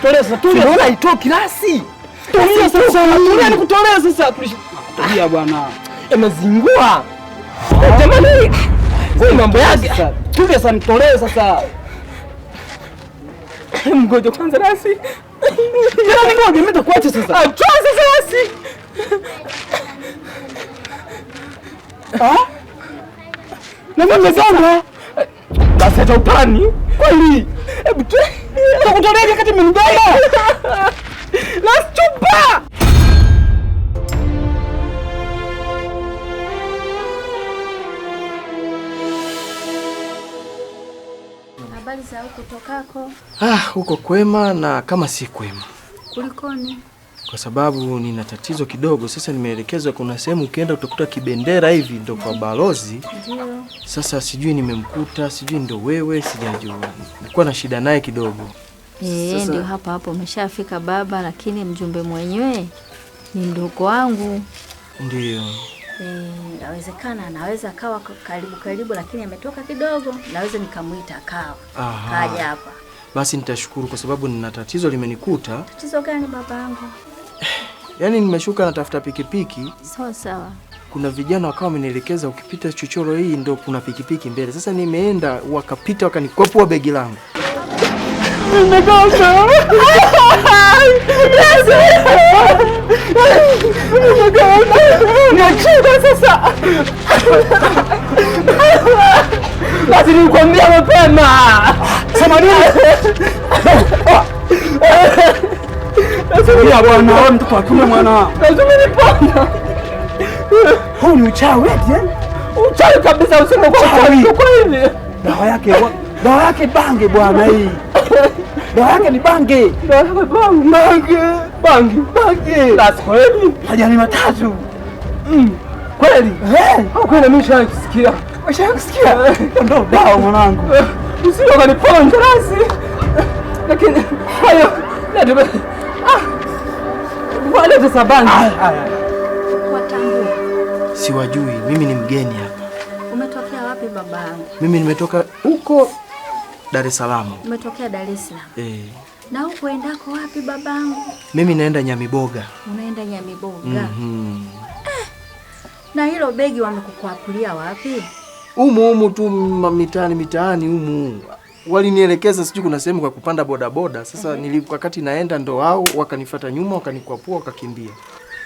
Tulia sasa, tulia. Unaona haitoki rasi. Tulia sasa, tulia nikutolee sasa. Tulia bwana. Amezingua. Ah. Jamani, wewe mambo yake Tulia sasa, nitolee sasa. Mgoje kwanza rasi. Jamani, ngoja mimi nitakuacha sasa. Acha sasa rasi. Ah? Na mimi mezanga. Basi hata upani. Kweli. Hebu tulia. Nakutolea kati chupa. Habari za huko tokako? Ah, huko kwema na kama si kwema. Kulikoni? kwa sababu nina tatizo kidogo. Sasa nimeelekezwa kuna sehemu ukienda utakuta kibendera hivi ndo kwa balozi. Sasa sijui nimemkuta, sijui ndo wewe, sijajua. Nilikuwa na shida naye kidogo. Eh, ndio hapa hapo umeshafika baba, lakini mjumbe mwenyewe ni mdogo wangu. Ndio. E, inawezekana anaweza akawa karibu karibu, lakini ametoka kidogo, naweza nikamwita akawa kaja hapa. Basi nitashukuru kwa sababu nina tatizo limenikuta. Tatizo gani babangu? yaani nimeshuka natafuta pikipiki. Sawa sawa. Kuna vijana wakawa wamenielekeza ukipita chochoro hii ndo kuna pikipiki mbele. Sasa nimeenda wakapita wakanikwepua begi langu. Basi nikuambia mapema. Mtoto wa kiume mwana. Lazima nipona. Huu ni uchawi eti eh? Uchawi kabisa useme kwa uchawi. Dawa yake dawa yake bange bwana hii. Dawa yake ni bange. Dawa yake bange. Bange. Bange. Bange. That's kweli. Majani matatu. Mm. Kweli? Eh. Au kweli mimi nishawahi kusikia. Nishawahi kusikia. Eh. Ndio dawa mwanangu. Eh. Usije ukaniponja rasi. Lakini hayo ndio wale visabangi Siwajui, mimi ni mgeni hapa. Umetokea wapi babangu? Mimi nimetoka huko Dar es Salaam. Umetokea Dar es Salaam? Eh. Na huko endako wapi babangu? Mimi naenda Nyamiboga. Unaenda Nyamiboga? mm -hmm. Eh, na hilo begi wamekukwapulia wapi? Umu umu tu mitaani, mitaani humu walinielekeza sijui kuna sehemu kwa kupanda bodaboda. Sasa mm -hmm. wakati naenda ndo wao wakanifata nyuma wakanikwapua wakakimbia.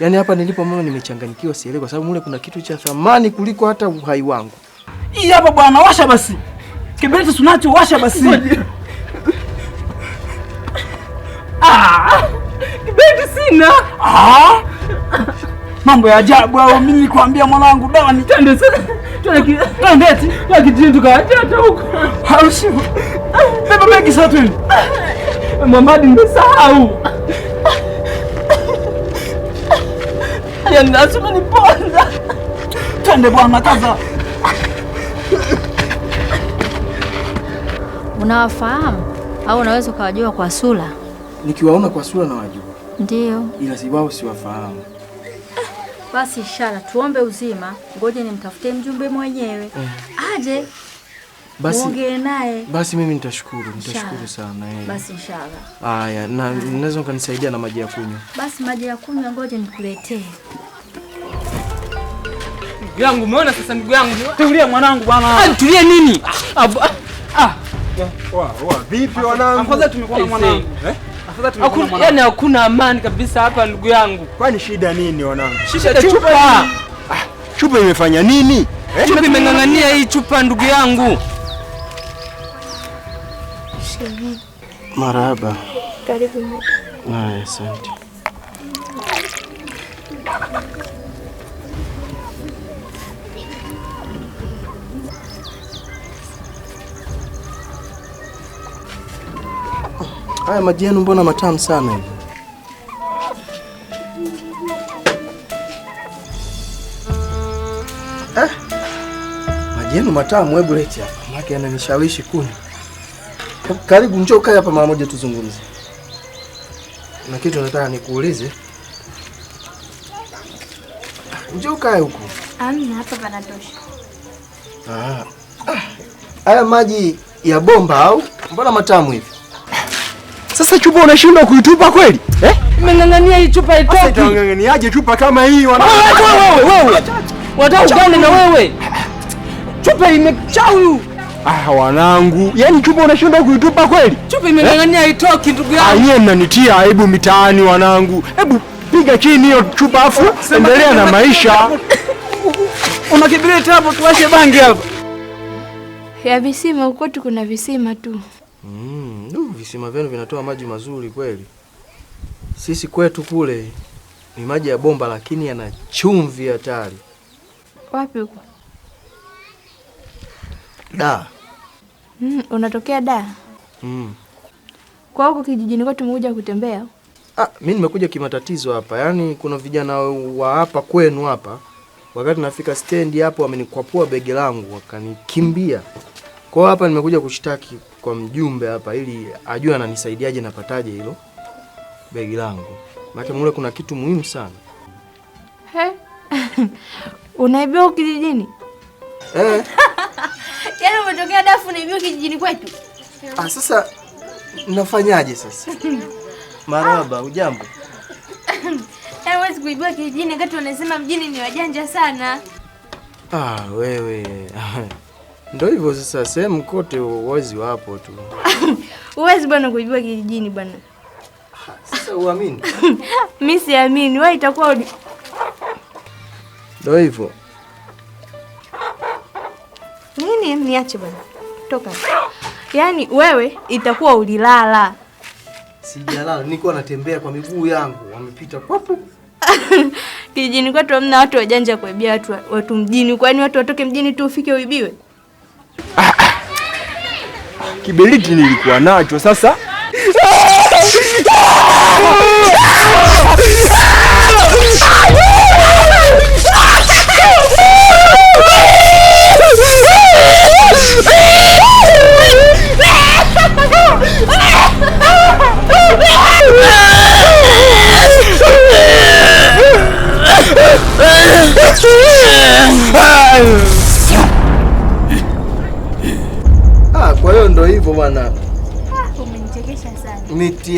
Yaani hapa nilipo mama nimechanganyikiwa sielewi kwa sababu mule kuna kitu cha thamani kuliko hata uhai wangu. Hii hapa bwana washa basi. Kiberiti sunacho washa basi. ah! sina. Ah! Mambo ya ajabu hao mimi kuambia mwanangu dawa nitende sana. Tuendeti, nimesahau. lazima niponza. Twende bwana kaza. Unawafahamu au unaweza ukawajua kwa sura? Nikiwaona kwa sura nawajua. Ndio. Ila si wao siwafahamu basi ishara, tuombe uzima, ngoje nimtafute mjumbe mwenyewe mm. aje uongee naye. Basi mimi nitashukuru, nitashukuru sana eh. Basi inshallah. Haya, na naweza ukanisaidia na maji ya kunywa? Basi maji ya kunywa ngoje nikuletee. Ndugu yangu, umeona sasa? Ndugu yangu, tulia mwanangu bwana. Ah, tulia nini? Ah, ah, ah. Wa, wa, Vipi wanangu? Kwanza na mwanangu. Eh? yani hakuna amani kabisa hapa ndugu yangu. Kwani shida nini wanangu? Shida chupa. Chupa. Ah, chupa imefanya nini? Eh, chupa imeng'ang'ania hii chupa ndugu yangu. Marahaba. Karibu. Asante. Haya maji yenu mbona matamu sana hivi? Eh? Maji yenu matamu, hebu leti hapa. Maki ananishawishi kuni. Karibu njoo kae hapa mara moja tuzungumze. Na kitu nataka nikuulize. Njoo kae huko. Amna, hapa panatosha. Ah, ah. Haya maji ya bomba au mbona matamu hivi? Sasa chupa unashindwa kuitupa kweli? Eh? Mmeng'ang'ania hii chupa itoke. Sasa utang'ang'aniaje chupa kama hii wana? Wewe wewe. Wataka ugane na wewe. Chupa imechau. Ah, wanangu. Yaani chupa unashindwa kuitupa kweli? Chupa imeng'ang'ania eh? itoki ndugu yangu. Ah, yeye mnanitia aibu mitaani wanangu. Hebu piga chini hiyo chupa afu endelea na maisha. Una kibiriti hapo tuwashe bangi hapa. Ya visima huko tu kuna visima tu. Mm visima vyenu vinatoa maji mazuri kweli. Sisi kwetu kule ni maji ya bomba, lakini yana chumvi hatari. Wapi huko? Da. Mm, unatokea da? Mm. Kwa huko kijijini kwetu tumekuja kutembea. Ah, mimi nimekuja kimatatizo hapa. Yaani kuna vijana wa hapa kwenu hapa. Wakati nafika stendi hapo wamenikwapua begi langu wakanikimbia. Kwa hiyo hapa nimekuja kushtaki kwa mjumbe hapa ili ajue ananisaidiaje napataje hilo begi langu. Maana mule kuna kitu muhimu sana. He? Unaibiwa kijijini? Eh. Yaani umetokea dafu unaibiwa kijijini kwetu? Ah, sasa nafanyaje sasa? Maraba, ujambo? Yaani wewe sikuibiwa kijijini, wakati wanasema mjini ni wajanja sana. Ah, wewe. Ndio hivyo sasa, sehemu kote uwezi wapo tu. Uwezi bwana kujua kijijini bwana. Sasa uamini? Mimi siamini. Wewe itakuwa ndio hivyo. Nini? Niache bwana. Toka. Yaani wewe itakuwa ulilala. Sijalala, nilikuwa natembea kwa miguu yangu, wamepita popo. Kijijini kwetu hamna watu wajanja kuibia watu watu mjini. Kwani watu watoke mjini tu ufike uibiwe? Ah, ah. Kiberiti nilikuwa nacho sasa.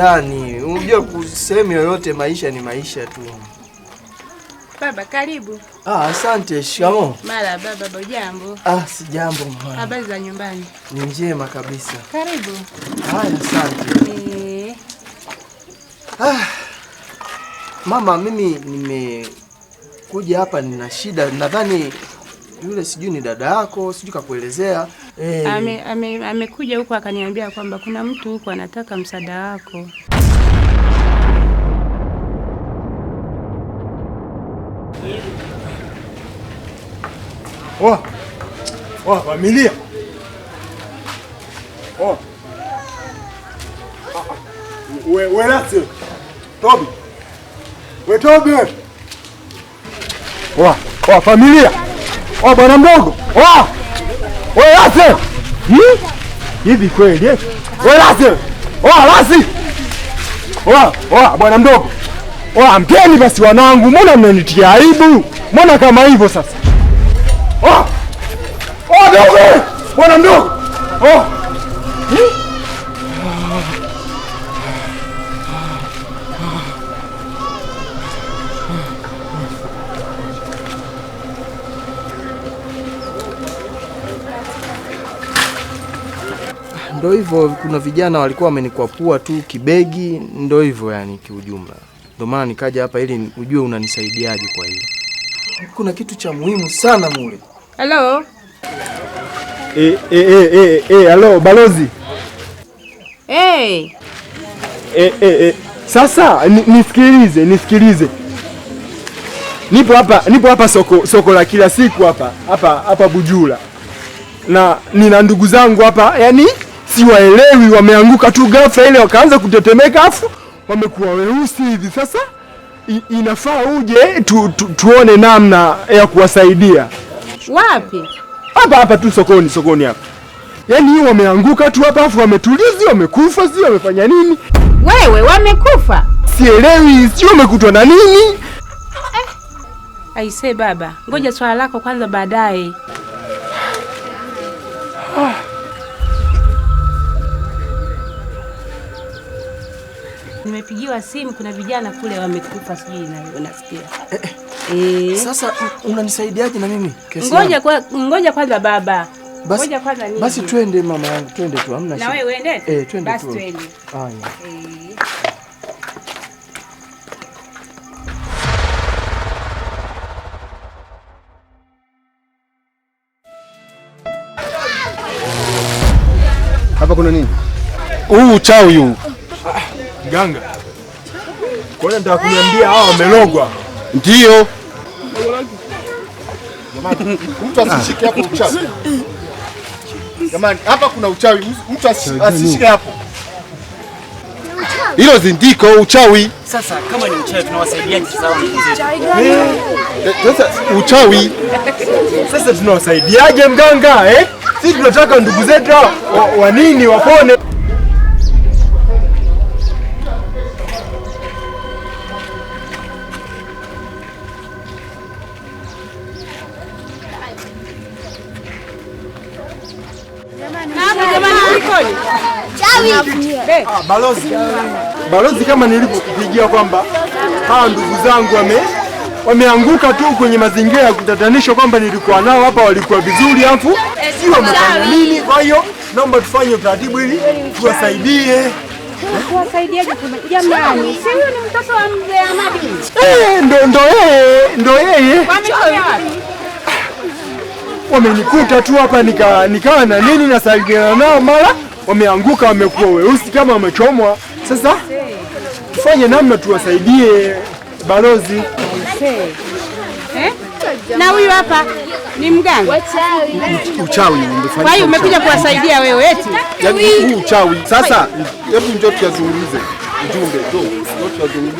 mtihani. Unajua sehemu yoyote maisha ni maisha tu. Baba karibu. Ah, asante. Shikamo. Mara baba, jambo. Ah, si jambo mama. Habari za nyumbani? Ni njema kabisa. Karibu. Haya, asante. Eh. Ah. Mama, mimi nimekuja hapa, nina shida. Nadhani yule sijui ni dada yako, sijui kakuelezea hey. Eh. Amekuja ame, ame huko akaniambia kwamba kuna mtu huko anataka msaada wako. Oh. Oh, familia oh. Ah, ah. We, we lasi Tobi. We Tobi. Oh, oh, familia. Oh, bwana mdogo. Oh hivi kweli eh? lazi, oa lazi, oa oa, bwana mdogo oa, mkeni basi wanangu, mbona mnanitia aibu? Mbona kama hivyo sasa? Oa oa, dogo bwana mdogo oa hivyo kuna vijana walikuwa wamenikwapua tu kibegi, ndo hivyo yani kiujumla. Ndio maana nikaja hapa ili ujue unanisaidiaje. Kwa hiyo kuna kitu cha muhimu sana mule. Halo. Eh, eh, eh, eh, eh, halo balozi. Hey. eh, eh. eh. Sasa nisikilize, nisikilize. Nipo hapa, nipo hapa soko, soko la kila siku hapa hapa hapa Bujula na nina ndugu zangu hapa yani waelewi wameanguka tu ghafla ile wakaanza kutetemeka, afu wamekuwa weusi hivi. Sasa inafaa uje tu, tu, tuone namna ya kuwasaidia. Wapi? Hapa hapa tu sokoni, sokoni hapa. Yaani hiyo wameanguka tu hapa, afu wametulia, wamekufa, sio wamefanya nini? Wewe wamekufa? Sielewi, sio wamekutwa na nini? Eh, aisee baba, ngoja swala lako kwanza, baadaye nimepigiwa simu, kuna vijana kule wamekufa, sijui nasikia eh, eh, eh. Sasa unanisaidiaje na mimi? Ngoja kwa, ngoja kwanza baba basi, ngoja kwanza nini. Basi twende mama yangu, twende tu, hamna shida. Na wewe uende? Eh, twende tu. Basi twende. Haya. Eh. Hapa kuna nini? Uu, uchawi huu. Ah. Ganga. Kwa hiyo ndio kuniambia hao wamelogwa. Ndio. mtu asishike hapo uchawi. Jamani, hapa kuna uchawi. Mtu asishike hapo. Hilo zindiko uchawi. Sasa kama ni uchawi tunawasaidiaje eh, sasa wanafunzi? Uchawi. Sasa tunawasaidiaje mganga eh? Sisi tunataka ndugu zetu wa nini wapone. balozi balozi, kama nilipokupigia kwamba hawa ndugu zangu wame wameanguka tu kwenye mazingira ya kutatanisha, kwamba nilikuwa nao hapa, walikuwa vizuri, afu si wamefanya nini. Kwa hiyo naomba tufanye utaratibu ili tuwasaidie. Eh, ndo yeye ndo yeye wamenikuta tu hapa, nikawa na nini, nasaidiana nao mara wameanguka, wamekuwa weusi kama wamechomwa. Sasa tufanye namna, tuwasaidie balozi na huyu hapa ni mganga uchawi. Kwa hiyo umekuja kuwasaidia wewe eti yaani, huu uchawi? Sasa hebu njoo tuyazungumze ujumbe uchawi.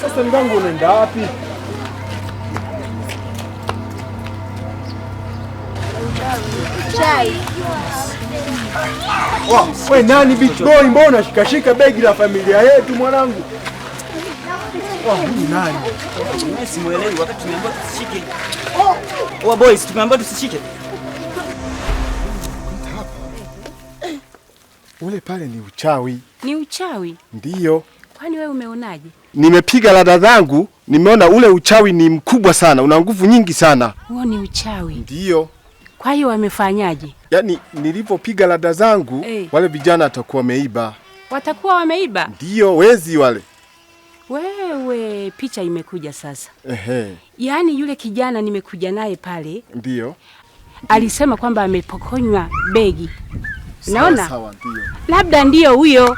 Sasa mgangu, unaenda wapi? chai. Wow, we nani beach boy, mbona shikashika begi la familia yetu mwanangu? Simuelewi wakati tumeambiwa tusishike. Oh boys, tumeambiwa tusishike. Ule pale ni uchawi. Ni uchawi? Ndio. Kwani wewe umeonaje? Nimepiga rada zangu, nimeona ule uchawi ni mkubwa sana, una nguvu nyingi sana. Huo ni uchawi? Ndio. Kwa hiyo wamefanyaje? Yaani nilipopiga rada zangu hey, eh. wale vijana watakuwa wameiba. Watakuwa wameiba? ndio wezi wale. Wewe picha imekuja sasa. Ehe. Yaani yule kijana nimekuja naye pale. ndio Alisema kwamba amepokonywa begi. Naona? Sawa, sawa, Labda ndiyo huyo.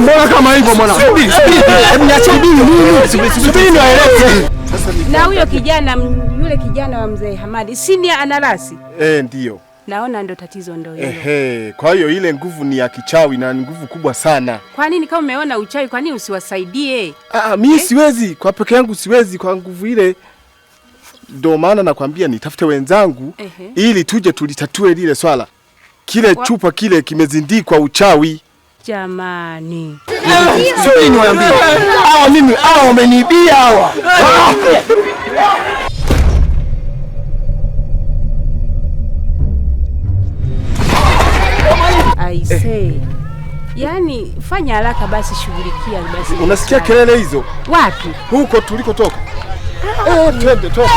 Mbona kama Na huyo kijana yule kijana wa mzee Hamadi, si ni anarasi? Eh, ndio. Naona ndo tatizo ndo hilo. Ehe, kwa hiyo ile nguvu ni ya kichawi na nguvu kubwa sana. Kwa nini kama umeona uchawi, kwa nini usiwasaidie? Ah, mimi eh, siwezi kwa peke yangu, siwezi kwa nguvu ile. Ndio maana nakwambia nitafute wenzangu ehe, ili tuje tulitatue lile swala. Kile kwa... chupa kile kimezindikwa uchawi. Jamani. Ah, sio niwaambie. Ah, mimi ah, wameniibia hawa. Yaani fanya haraka basi, shughulikia basi. Unasikia kelele hizo wapi? Huko tulikotoka. Eh, twende toka.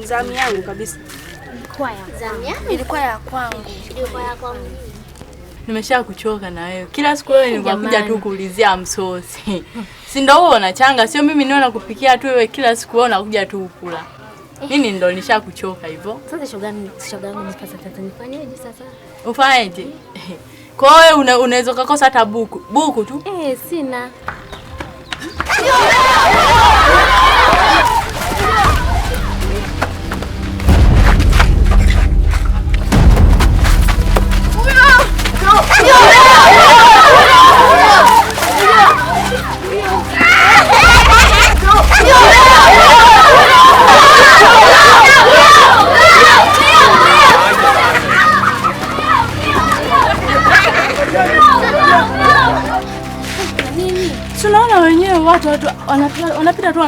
si zamu yangu kabisa. Ilikuwa ya kwangu. Nimesha kuchoka na wewe. Kila siku wewe ninakuja tu kuulizia msosi. Si ndio wewe unachanga, sio mimi niona kupikia tu wewe kila siku wewe unakuja tu kula. Eh. Mimi ndio nisha kuchoka hivyo. Sasa shoga yangu, shoga yangu nipasa tata nifanyeje sasa? Ufanyeje? Kwa hiyo unaweza ukakosa hata buku. Buku tu? Eh, sina.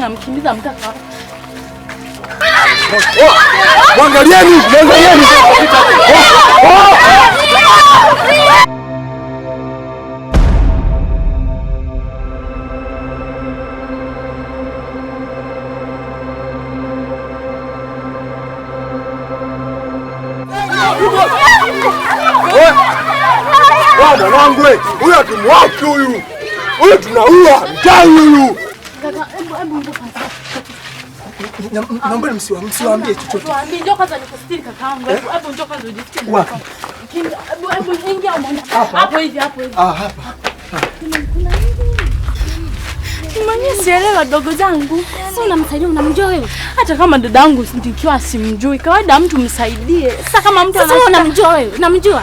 anamkimbiza mtaka. Mwangalieni, mwangalieni. Mwanangu, huyu atimwaki huyu, huyu tunaua mtai huyu Naomba msiwaambie chochote. Njoo kwanza nikustiri kakaangu. Eh? Hebu njoo kwanza ujisikie. Wapi? Hebu ingia hapo hivi hapo hivi. Ah, hapa. Mwenye sielewa dogo zangu. Sio unamsaidia unamjua wewe? Hata kama dada yangu nikiwa simjui, kawaida mtu msaidie. Sasa kama mtu anamjua wewe, unamjua?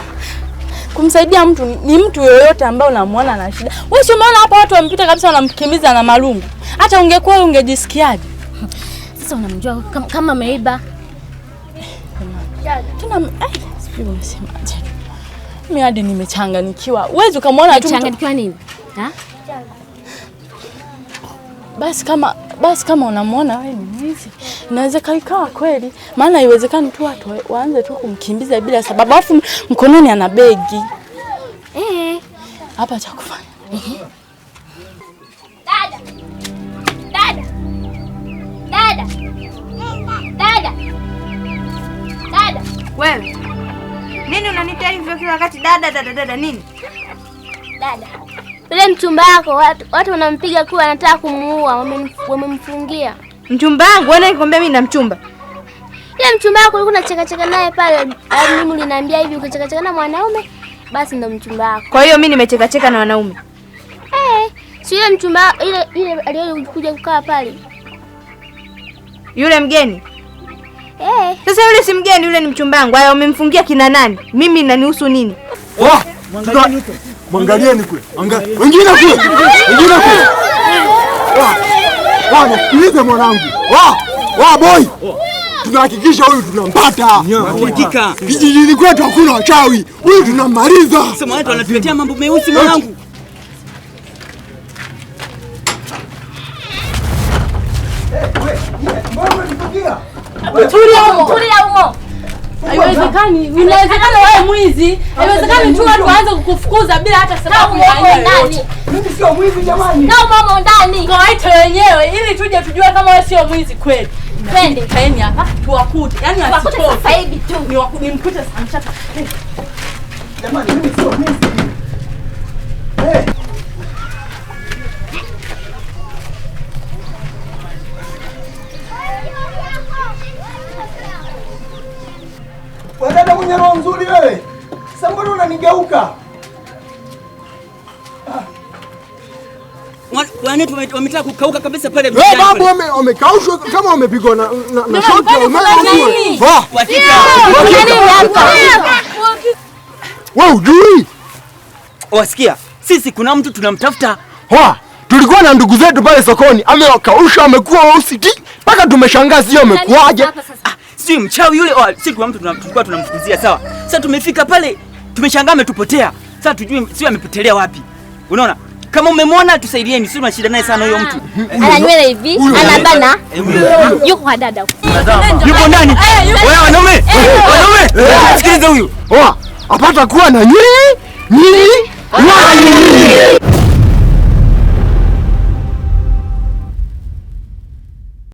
kumsaidia mtu ni mtu yoyote ambaye unamwona na shida. Wewe si umeona hapa watu wamepita kabisa wanamkimbiza na marungu. Hata ungekuwa wewe ungejisikiaje? Sasa unamjua kama, kama ameiba. Tuna ai Mimi hadi nimechanganikiwa. Wewe ukamwona tu mtu. nini? Ha? Basi kama basi kama unamwona wewe ni mwizi, naweza kaikaa kweli, maana haiwezekani tu watu waanze tu kumkimbiza bila sababu, afu mkononi ana begi eh. Hapa cha kufanya eh. dada, dada, dada, dada, dada, wewe nini unanitia hivyo kila wakati? Dada, dada, dada nini? Dada yule mchumba wako watu, watu wanampiga kuwa anataka kumuua, wamemfungia. Mchumba wangu wewe nikwambia mimi na mchumba. Yule mchumba wako ulikuwa unachekacheka naye pale, mimi uliniambia hivi ukichekacheka na mwanaume basi ndo mchumba wako. Kwa hiyo mimi nimechekacheka na wanaume. Eh, si yule mchumba ile ile aliyokuja kukaa pale. Yule mgeni? Eh. Sasa yule si mgeni, yule ni mchumba wangu. Haya, umemfungia kina nani? Mimi nanihusu nini? Oh! Mwangalieni kule. Wengine kule. Wengine kule. Wao nasikiliza mwanangu. Wao, wao boy. Tunahakikisha huyu tunampata. Hakika. Kijijini kwetu hakuna wachawi. Huyu tunamaliza. Sema watu wanatuletea mambo meusi mwanangu. Tulia humo. Tulia humo. Haiwezekani, inawezekana wewe mwizi. Haiwezekani tu watu waanze kukufukuza bila hata sababu ya aina Mimi sio mwizi jamani. Na mama ndani. Kwa wenyewe ili tuje tujue kama wewe sio mwizi kweli. Twende kaeni hapa tuwakute. Yaani wasitoke. Sasa hivi tu. Ni wakuni mkute sana. Jamani mimi sio mwizi. mwenye roho nzuri wewe, sasa mbona unanigeuka? Wanetu wametaka kukauka kabisa pale mjini. Babu wamekaushwa kama wamepigwa na na shoti au nini? Yaani wewe hujui? Wasikia? Oh, sisi kuna mtu tunamtafuta. Hoa, tulikuwa na ndugu zetu pale sokoni, amewakausha amekuwa weusi mpaka tumeshangaa sio amekuaje sijui mchawi yule. Oh, si kuna mtu tulikuwa tunamfukuzia, sawa. Sasa tumefika pale, tumeshangaa ametupotea. Sasa tujui sio amepotelea wapi? Unaona, kama umemwona tusaidieni, sio tuna shida naye sana huyo mtu. Ana nywele hivi, ana bana, yuko kwa hadada, yuko ndani. Wewe wanaume, wanaume, sikiliza huyu, oh, apata kuwa na nywele? nywele nywele